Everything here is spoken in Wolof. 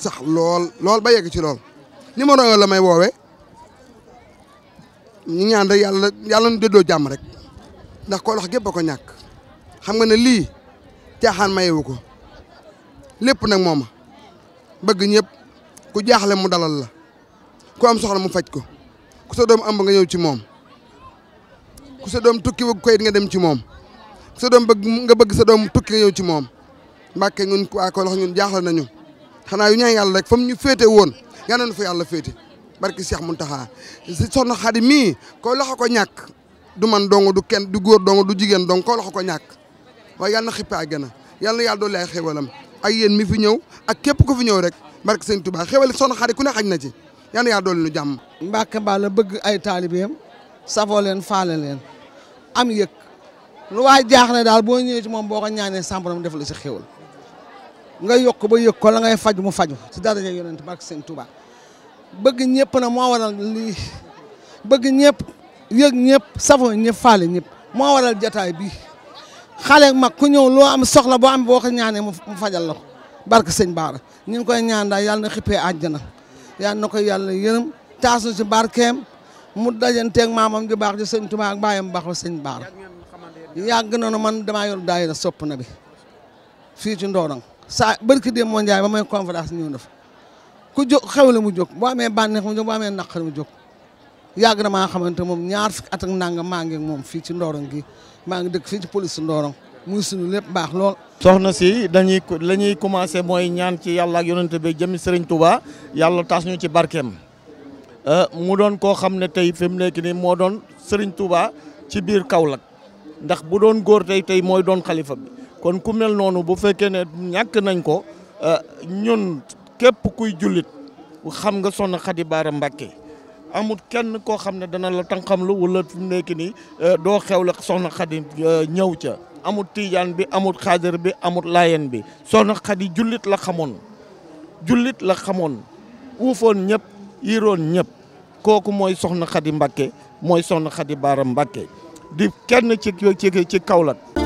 sax lool lool ba yegg ci lool ni un la may woowe ñu ñaan rek yàlla yàlla nu déddoo jàmm rek ndax koo wax gépp a ko ñàkk xam nga ne lii caaxaan mayewu ko lépp nag mooma bëgg ñëpp ku jaaxle mu dalal la ku am soxla mu faj ko ku sa doom ëmb nga ñëw ci moom ku sa doom tukki bëgg koyit nga dem ci moom ku sa doom bëgg nga bëgg sa doom tukki nga ñëw ci moom mbàkke ñun waa ko lox ñun jaaxle nañu xanaa yu ñaan yàlla rek fa mu ñu féete woon yàlla na fa yàlla féete barki Cheikh Mountakha si soxna Xadi mii ko loxo ko ñàkk du man dong du kenn du góor dong du jigéen dong ko loxo ko ñàkk waaye yàlla na xippe a gën a yàlla na yàlla doolu ay xéwalam ak yéen mi fi ñëw ak képp ko fi ñëw rek barki sëñ Tuubaa xéwali soxna Xadi ku ne xaj na ci yàlla na yàlla doolu nu jàmm Mbàkke Balla bëgg ay taalibeem safoo leen faale leen am yëg lu jaax ne daal boo ñëwee ci moom boo ñaanee sàmbaram def la si xéwal nga yokk ba yëg ko la ngay faj mu faju si daraja yonent barke sëñ Touba bëgg ñëpp na moo waral lii bëgg ñëpp yëg ñëpp safoo ñëpp faale ñëpp moo waral jataay bi xale mag ku ñëw loo am soxla boo am boo ko ñaanee mu fajal la ko barke sëñ Baara ñu ngi koy ñaan daal yàlla na xippee àjjana yàlla na ko yàlla yërëm taasu ci barkeem mu dajanteeg maamam ju baax ji sëñ Touba ak baayam baax la sëñ Baara yàgg na nu man damaa yor daayira sopp na bi saa barki dem moo njaay ba may conférence ñëw na fa ku jóg xew la mu jóg boo amee bànneex mu jóg boo amee naqar mu jóg yàgg na maa xamante moom ñaar fukki at ak maa ngi moom fii ci Ndorong gi maa ngi dëkk fii ci police Ndorong muy sunu lépp baax lool. soxna si dañuy la ñuy commencé mooy ñaan ci yàlla ak yonent bi jëmi Serigne Touba yàlla tas ñu ci barkeem euh, mu doon koo xam ne tey fi mu nii moo doon Serigne Touba ci biir Kaolack ndax bu doon góor tey tey mooy doon xalifa bi. kon ku mel noonu bu fekkee ne ñàkk nañ ko euh, ñun képp kuy jullit xam nga Soxna Xadi Baara Mbàkke amut kenn koo xam ne dana la tànqamlu wala fi mu nekk nii euh, doo xew la Soxna Xadi euh, ñëw ca amul tiijaan bi amul xaajar bi amul layen bi Soxna Xadi jullit la xamoon jullit la xamoon uufoon ñëpp yiroon ñëpp kooku mooy Soxna Xadi Mbàkke mooy Soxna Xadi Baara Mbàkke di kenn ci ci ci Kaolack